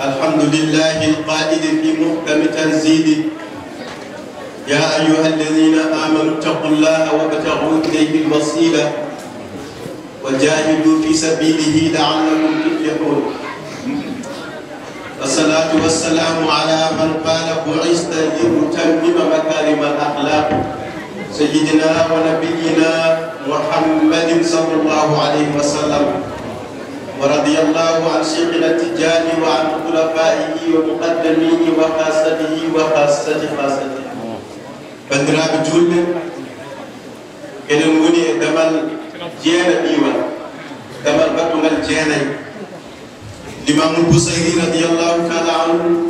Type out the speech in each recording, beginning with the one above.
الحمد لله القائد في محكم تنزيله يا أيها الذين آمنوا اتقوا الله وابتغوا إليه الوسيلة وجاهدوا في سبيله لعلكم تفلحون والصلاة والسلام على من قال بعثت لأتمم مكارم الأخلاق سيدنا ونبينا محمد صلى الله عليه وسلم ورضي الله عن شيخ الاتجان وعن خلفائه ومقدميه وخاصته وخاصته خاصته بندرا بجول كلم وني دمل جيانا بيوا دمل بطل الجيانا الإمام البصيري رضي الله تعالى عنه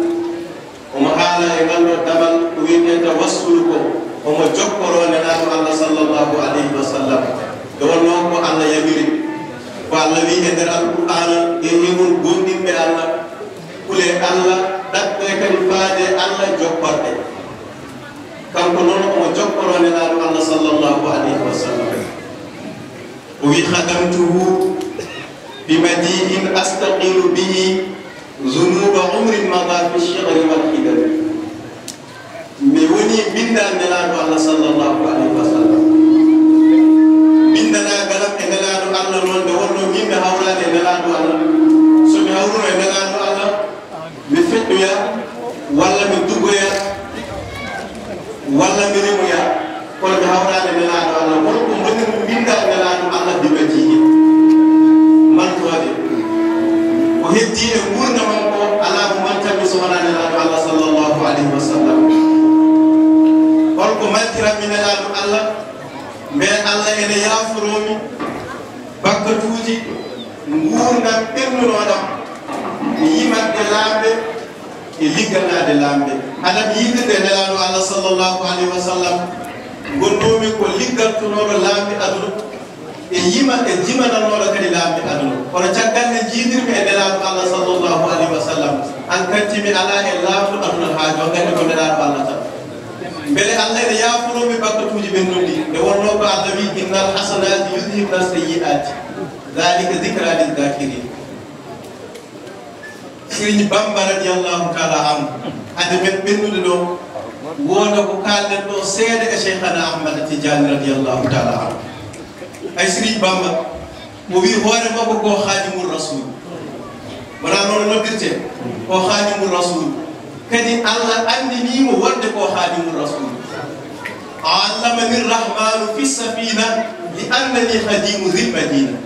ومحالا يقال دمل وين يتوصلكم وما جبروا أن الله صلى الله عليه وسلم دولناكم على يمينكم ko allah wi e nder alqur'ana e hewol gonɗinɓe allah kule allah ɗaɓɓe kadi faade allah jokkorɗe kanko noon omo jokkoro nelaaɗo allah sallllahu alayhi wa sallam o wi hadamtuhu bimadiin astaqilu bihi zunuba umrin mada fi lchigri walhidami mi woni binda nelaaɗo allah sallllahu alayhi mais allah ene yaafuromi bakkatuji gurdam ɓirnunoɗam mi yimatde laamɓe e ligganade laamɓe anam yimirde nelaɗo allah sallllahu alayhi wa sallam gonnomi ko liggantunoɗo laamɓe aduna e yima e jimananoɗo kadi laamɓe aduna kono caggalle jiidirmi e nelaɗo allah sallllahu alayhi wa sallam an kantimi ala e laamɗo aduna haajo gandi e ko nelaɗo allah tan beele allah ene yaafuromi bakkatuji ɓirnu إلا الحسنات يذهبن السيئات ذلك ذكرى للذاكرين سيرين بامبا رضي الله تعالى عنه هذا من بنو دو وانا بقال لدو سيد الشيخان احمد تجان رضي الله تعالى عنه اي سيرين بامبا مبي هوار ما بقو خادم الرسول برانو لنو كرتين خادم الرسول كدي الله اندي نيمو ورد خادم الرسول أمني الرحمن في السفينة لأنني خديم ذي المدينة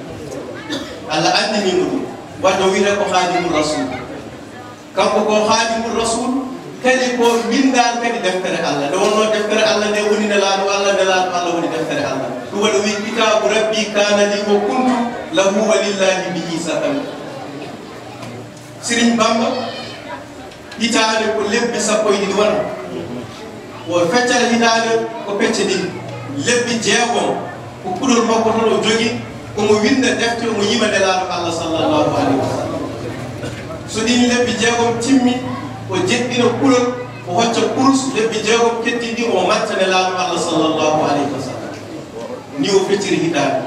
على أنني مدن ودويرة خادم الرسول كم كو خادم الرسول كلي كو من دار كان دفتر الله لو أنه دفتر الله ده وني نلاد الله نلاد الله وني دفتر الله هو الذي كتاب ربي كان لي وكنت له ولله به سبب سيرين بامبا hitaade ko lebbi sappo e o feccere hinaade ko pecce ɗin lebbi jeegon ko kuɗol makko toon o jogi omo winnda defte omo yima ndelaaɗo allah sallallahu alayhi wa sallam so ɗin lebbi jeegom timmi o jeɗɗina kuɗol o hocca kurus lebbi jeegom ketti ɗi omo matta ndelaaɗo allah sallallahu alayhi wa sallam ni o feccere hinaade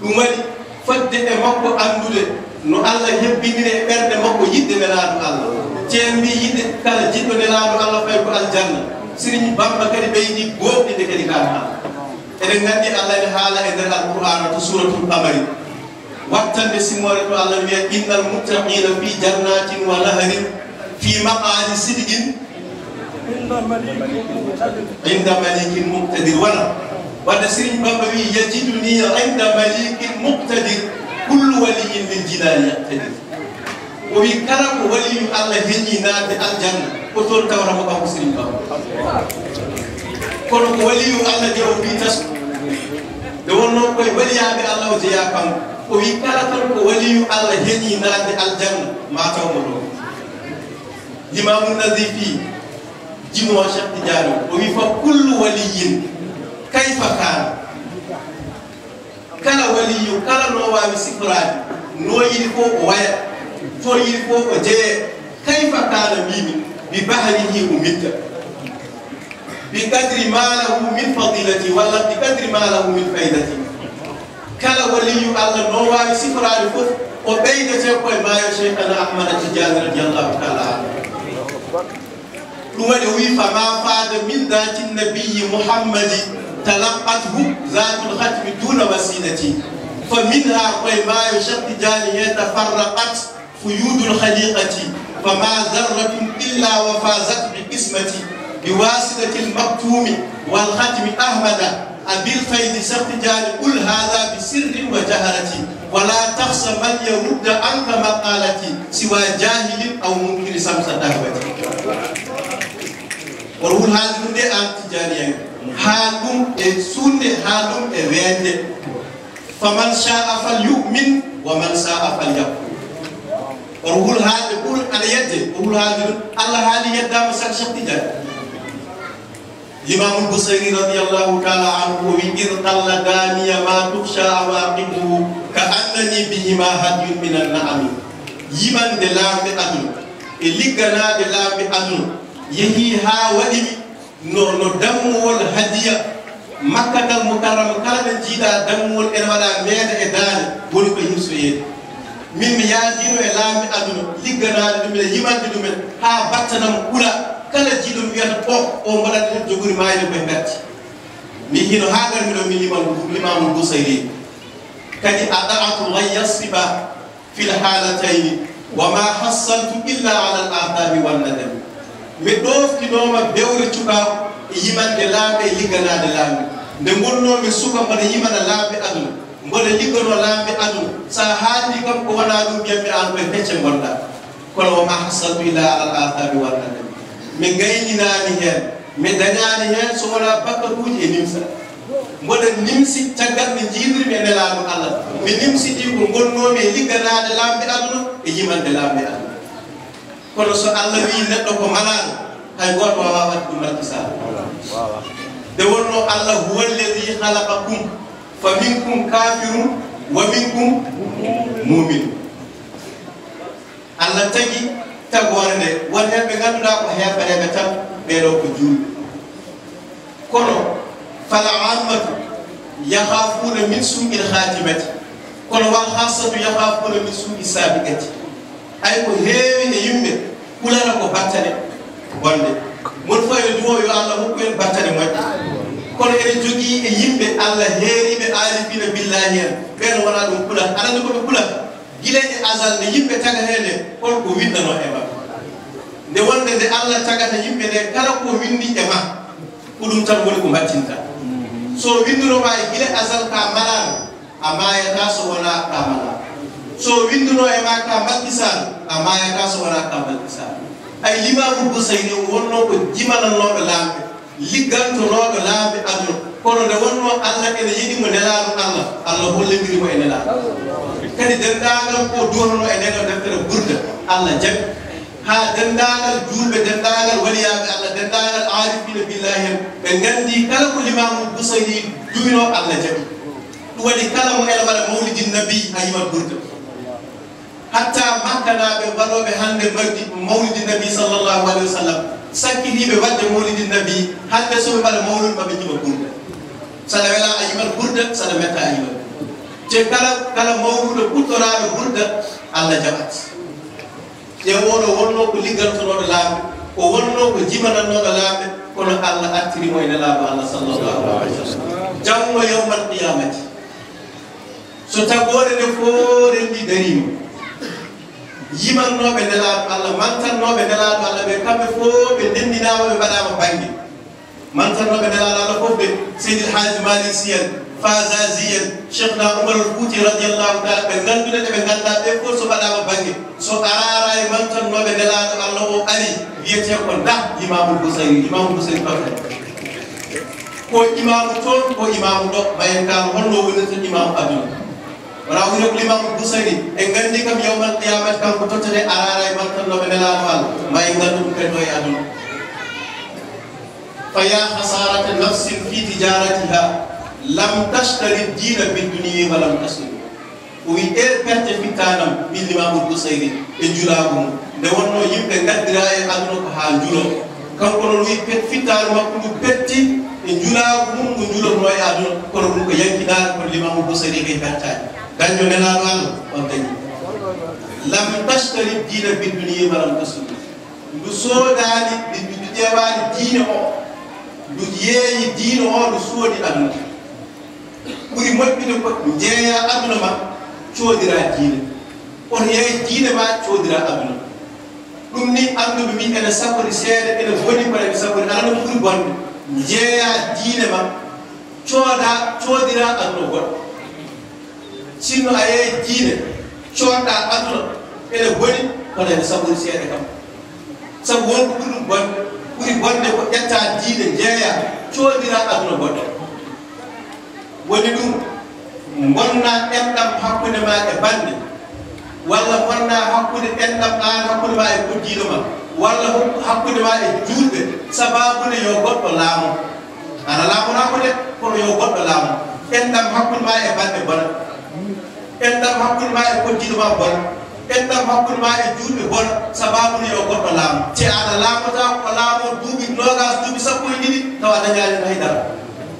ɗum waɗi fodde e makko anndude no allah hebbindiri e ɓerde makko yiɗde welaaɗo allah ceen mbi yiɗde kala jiɗɗo nelaaɗo allah fay ko aljanna سيرن بابا كاري بي دي غوب دي كاري كان ادن ندي الله تعالى ادن القران سوره القمر وقت بسمور الله يا ان المتقين في جنات ونهر في مقعد صدق عند ملك مقتدر ولا وانا سيرن بام وي يجدني عند ملك مقتدر كل ولي للجنان يقتدر o wi kala ko walimi allah heñi naade aljanna ko toon tawrama ɓa musirim baw kono ko walimi allah de o mbi tasu nde wonnoon koye waliyaade allah o jeeya kanko o wi kala tan ko walimi allah heñi naade aljanna mataomo ɗo limamu nadifi jinoa chakti jaano o wi fa kullu waliyin kayfa kaan kala waliyu kala no wawi sifraade noyini fo o waya فريق وجاء كيف كان بيمن ببهره ومت بقدر ما له من فضيلة ولا بقدر ما له من فائدة كلا ولي على النوى سفر على الفوت وبيد شيخ ما شيخنا أحمد تجاز رضي الله تعالى نوال فما فاد من ذات النبي محمد تلقته ذات الختم دون وسيلة فمنها قيما يشتجان يتفرقت قيود الخليقة فما ذرة إلا وفازت بقسمتي بواسطة المكتوم والختم أهمدا أبالفيد سقجال قل هذا بسر وجهرتي ولا تخص من يرد عنك مقالتي سوى جاهل أو منكر سمسة دهوتي ورول هذه دي أنت جاريان هادم إتسون هادم إبيان فمن شاء فليؤمن ومن شاء فليكفر or ngol haalde ɓuura aɗa yedde o ngol haalde ɗum allah haali yeddaama sak sakɗi jaa imamul bousairi radiallahu taala anhu o wi irɗalla daaniya ma tuhsa awaqibuhu ka annani bihima hadyun min annaami yimande laamɓe adun e ligganaade laamɓe adun yehi haa waɗimi no no dammuwol hadiya makkatal mo karama kala ɓe jiiɗa dammuwol ene waɗa meeda e daane woni ko yimso yeede min mi yaajino e laami aduna ligganaade ɗumen e yimande ɗumen haa battanamo ɓula kala jiiɗo mi wiyata o o mbaɗata en jogori maayde koye mbatti mi hino haagarmi ɗo mi limamo gusayri kadi a daatu lan yasriba fil haalatayni wa ma hassaltu illa ala l ahdami wannadem mi ɗoftinoma bewre cukaw e yimande laamɓe e ligganaade laamɓe nde gonnomi suka mbaɗa yimana laamɓe aduna wode liggono laamɓe adu so a haali kam ko wona ɗum yamɓe an koye hecce gonɗa kono wama hasadu ila alal ahabi wallanan mi gaylinani hen mi dañani hen so wona bakka tuji e nimsa mboɗa nimsi caggal mi jiidirmi e nelaamo allah mi nimsi ɗi ko gonnomi e ligganade laamɓe aduna e yimande laamɓe aduna kono so allah wi neɗɗo ko malaɗo hay goto wawa wadde ɗum rakkisaɗo nde wonno allah huwalledi halaqa kum minkum kafirum wa minkum mumin allah tagi tagore nde won heɓɓe ganduɗa ko heɓɓereɓe tan ɓeɗo ko julɓe kono falaammatu yahafuna min suuƴil hatimati kono wa hasatu yahafuna min suuƴi saabiqati ay ko heewi e yimɓe ɓulana ko battane bonde won fayo duwo yo allah hokku en battane moƴƴe kono ene jogii e yimɓe allah heeriiɓe aalibina billahi hen ɓeen wonaa ɗum ɓula aɗanndu ko ɓe ɓulat gileeje agal nde yimɓe tagaheende hol ko winnanoo e ma nde wonde nde allah tagata yimɓe nde kala ko winndi e ma ko ɗum tan woni ko mbaccinta so winnduromaa e gile agal ka malaano a maayataa so wonaa ka malaa so winndunoo e ma ka mbaɗkisaano a maayataa so wonaa ka mbaɗkisaano ay limamu bousayni wonnoo ko jimananooɓe laamɓe liggantonoɗo laabi aduna kono nde wonno allah ene yiɗimo nelaano allah allah hollidirimo e nelaano kadi dendagal ko duwanono e ndeno deftere gurde allah jaɓi ha dendagal julɓe dendagal waliyaɓe allah dendagal arifina billahi hen ɓe gandi kala ko limamu busani jumino allah jaɓi ɗum waɗi kala mo ene waɗa mawlidi nabi ha yimat gurde hatta makkanaɓe waɗoɓe hande mawdi mawlidi nabi sallllahu alayhi wa sallam sankiniɓe wadde mawlidi nabi hande soɓe mbaɗa mawlude maɓe jiɓa gurda saɗa wela a yimat gurda saɗa metta a yimat te kala kala mawlude ɓuttoraɓe gurda allah jaɓat e oɗo wonno ko liggantonoɗo laaɓe ko wonno ko jimanannoɗo laaɓe kono allah artirimo e nelaaɓo allah sallallahu alih wa sallam jango yawmal qiyamati so tagore nde fo renndi darima yimannooɓe ndelaaɗo allah mantannooɓe ndelaaɗo allah ɓe kamɓe fof ɓe ndenndinaama ɓe mbaɗaama baŋnge mantannooɓe ndelaaɗo allah fof ɓe seydi haji malisi en fasasi en cheikh na oumar kuuti radiallahu taala ɓe nganndude ɗe ɓe ngannda ɓe fof so mbaɗaama baŋnge so aara e mantannooɓe ndelaaɗo allah o ali wiyetee ko nda imamul gousain imamul gousain pa ko imamu toon ko imamu ɗo mayen kaano holno wonirta imamu aduna rawirom limam busani e gandi kam yawmal qiyamat kanko tottode arara e makkalloɓe nelano an mbay ngandum ɓeto e aduna faya hasarata nafsin fi tijaratiha lam tashtari dina bidunie wa lam tasiru o wi ɗer perte fittanam min limamu busayri e juragu mum nde wonno yimɓe gaddira e aduna ko ha juuro kanko non wi fittanu makko ndu petti e juragu mum ngu juurotno e aduna kono ɗum ko yankinare kon limamu busayri e kay pertani dañjo nelaɗo an on dañi lam tastari diina bidduniyimalam tasudu ndu soodani ndu ƴewani diine o ndu yeeyi diine o ndu soodi aduna ɓuri moƴƴude ko jeeya aduna ma coodira diine oto yeey diine ma coodira aduna ɗum ni anduɓe min ene sabori seeɗe ene boni koɗee sabori aɗana ɓuri bonde jeeya diine ma cooda coodira aduna goɗɗo sinno a yeyi diine cooɗɗa aduna ene boni kono ene sabori seeɗe kam sabu wonko ɓuri ɗum bonde ɓuri bonde ko ƴetta diine jeeya coodira aduna bonde woni ɗum bonna ɗenɗam hakkunde ma e bande walla bonna hakkude ɗenɗam ɗan hakkude ma e koddiɗo ma walla hakkude ma e juurɓe sababude yo goɗɗo laamo ana laamonako de kono yo goɗɗo laamo ɗenɗam hakkude ma e bande bona en ɗam hakkude ma e kontinu ma bona en ɗam hakkude ma e juurɓe bona sababune yo goɗɗo laamo te aɗa laamata ko laamo duuɓi nogas duuɓi sappo e ɗiɗi tawa dañaaje haydara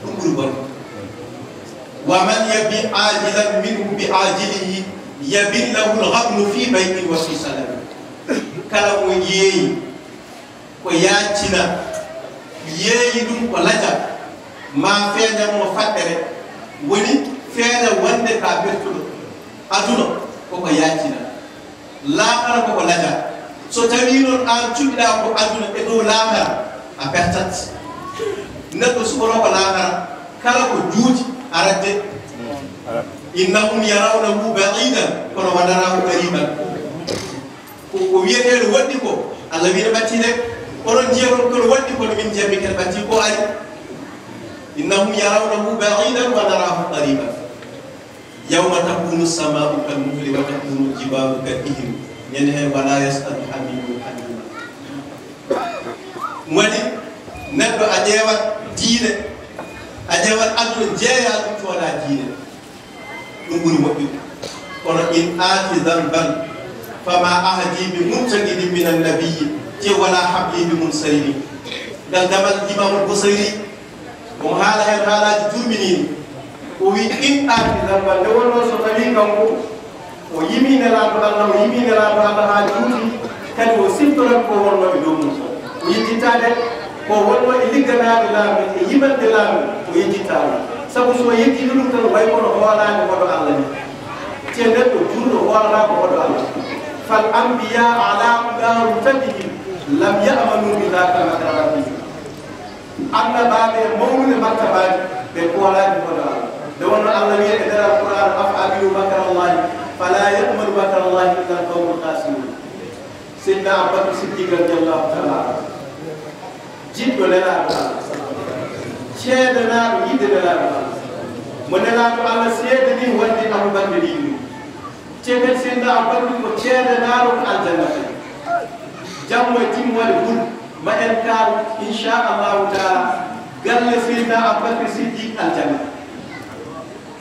ɗum ɓuri bon wa man yabi ajilan minhum bi ajilihi yabillahu lhablu fi baytin wa fi salami kala mo yeeyi ko yaaccina yeeyi ɗum ko laja ma feeñatmo faɗɗere woni feeña wonde ka bertuɗo aduna koko yajina laaɓara koko laƴa so tawi non an cuɓiɗa ko aduna e dow laaɓara a pertat neɗɗo suɓonoko laaɓara kala ko juuti aradde innahum yarawnahu baridan kono waɗarahu qariban ko ko wiyeteɗo waɗɗi ko allah wiɗe ɓatti de onon jiyaon kono waɗɗi kono min jammi kene ɓatti ko ari innahum yarawnahu baridan waɗarahu qariban يوم تكون السماء كالمهل وتكون الجبال كالإهل ينهي ولا يسأل حميم حميما ولي نبدو أجيوات دينة أجيوات أدو جيا تولا دينة نقول وقت قل إن آتي ذنبا فما أهدي بمنتقد من النبي تي ولا حبلي بمنصرين قال دمال إمام البصيري ومهالا هي حالات تومنين o wi inɗaati zambal nde wonno so tawi kanko o yiminelaaɗo allah o yiminelaaɗo allah haa juuti kadi o siftorat ko wonno e dow mum o yejjitaade ko wonno e ligganaaɓe laami e yimatde laami o yejjitaaɗu sabu so yejjiɗi ɗum tan way kono hoolaani hoɗo allah ni te neɗɗo juuɗo hoolanaa ko hoɗo allah fal ambiya alaɗaaru tadihi lam yamanu billahkamakaraɓi allah baaɓe mawnude martabaaji ɓe koolaani hoɗo allah دون أولوية إدارة القرآن أفعلوا بكر الله فلا يأمر بكر الله إلا القوم الخاسرون سيدنا أبو بكر الصديق رضي الله تعالى عنه جد ولا لا شهدنا جد ولا لا من لا على سيدني ودي أبو بكر دينه تبت سيدنا أبو بكر وشهدنا رب الجنة جمع تيم والبول ما إنكار إن شاء الله تعالى قال سيدنا أبو بكر الصديق الجنة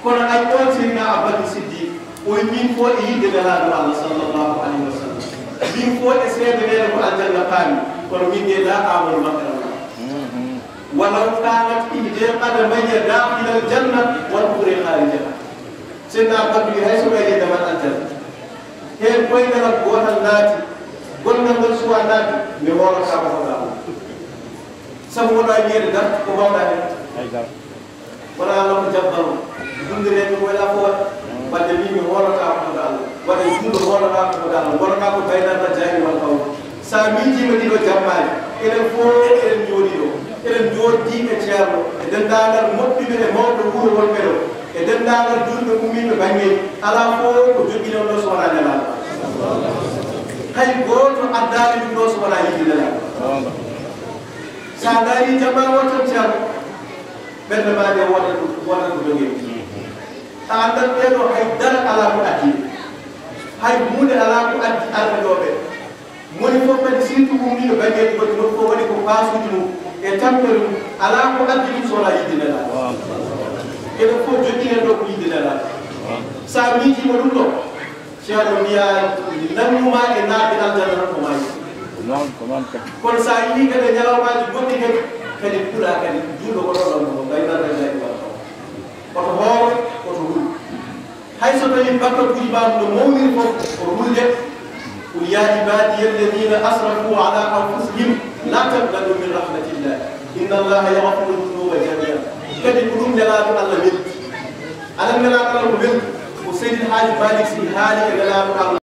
kono ay on sirina abubakar siddiq oy min fo e yidde nelaɗo allah sallllahu alayhi wa sallam fo e seede weere ko aljanna paami kono min de la amanu makarallah walaw kanat ihde qadamaya dakhila aljanna wal ukre kharijaha sinna abubakar wi hay so wayde damal aljanna heen koyngalal gotal naati gongal ngal suwa naati dundireeɓe ko wela fo waɗa wadde mbimi hoolotako dal waɗa jundo hoolotako dal gonoka ko baynata jaygi wal fawdu sa miijima ɗiɗo jammaji enen foo eɗen jooɗi ɗo eɗen jooɗiɓe ceerno e dendagal moɓɓiɓe e mawɓe wuuro wonɓe ɗo e dendagal julɓe ummiɓe bangel ala foo ko joɓɓinon ɗo so wona nelaɗo hay gooto addaɓe ɗum ɗo so wona yiɗi nelaɗo sa dari jamma wotan ceerno ɓerdemade wodat wodat ko jogueɗi ta andan ɓeeɗo hay dana ala ko addi hay muunde ala ko addi arde ɗo ɓe moni fof kadi surtout ɗum wiɗo baggeeji goɗɗi ɗon fof waɗi ko basuji mum e tampere mum ala ko addi ɗum sola yiddinela eɗen fof joɗɗinen ɗo ko yiddinela sa miijima ɗum ɗo ceeɗo mbiya nanduma e naaɓe naldananako ma kono sa yii kadi e ñalawmaji goɗɗi kadi kadi puɗa kadi juuɗo ko ɗoɗo ngaynanaa oto hoore koto wuli hay so tawi bakkakuji mbaɗu no mawmiri fof ko hulde qul ya ibadi alladina asrafu ala anfusihim la tabgadu min rahmatillah inna allaha yahfuru dunuba jamia kadi ko ɗum nelaɗo allah welti aɗa nelaɗo allah ko welti ko seydil haaji malik si haali e nelaɗo allah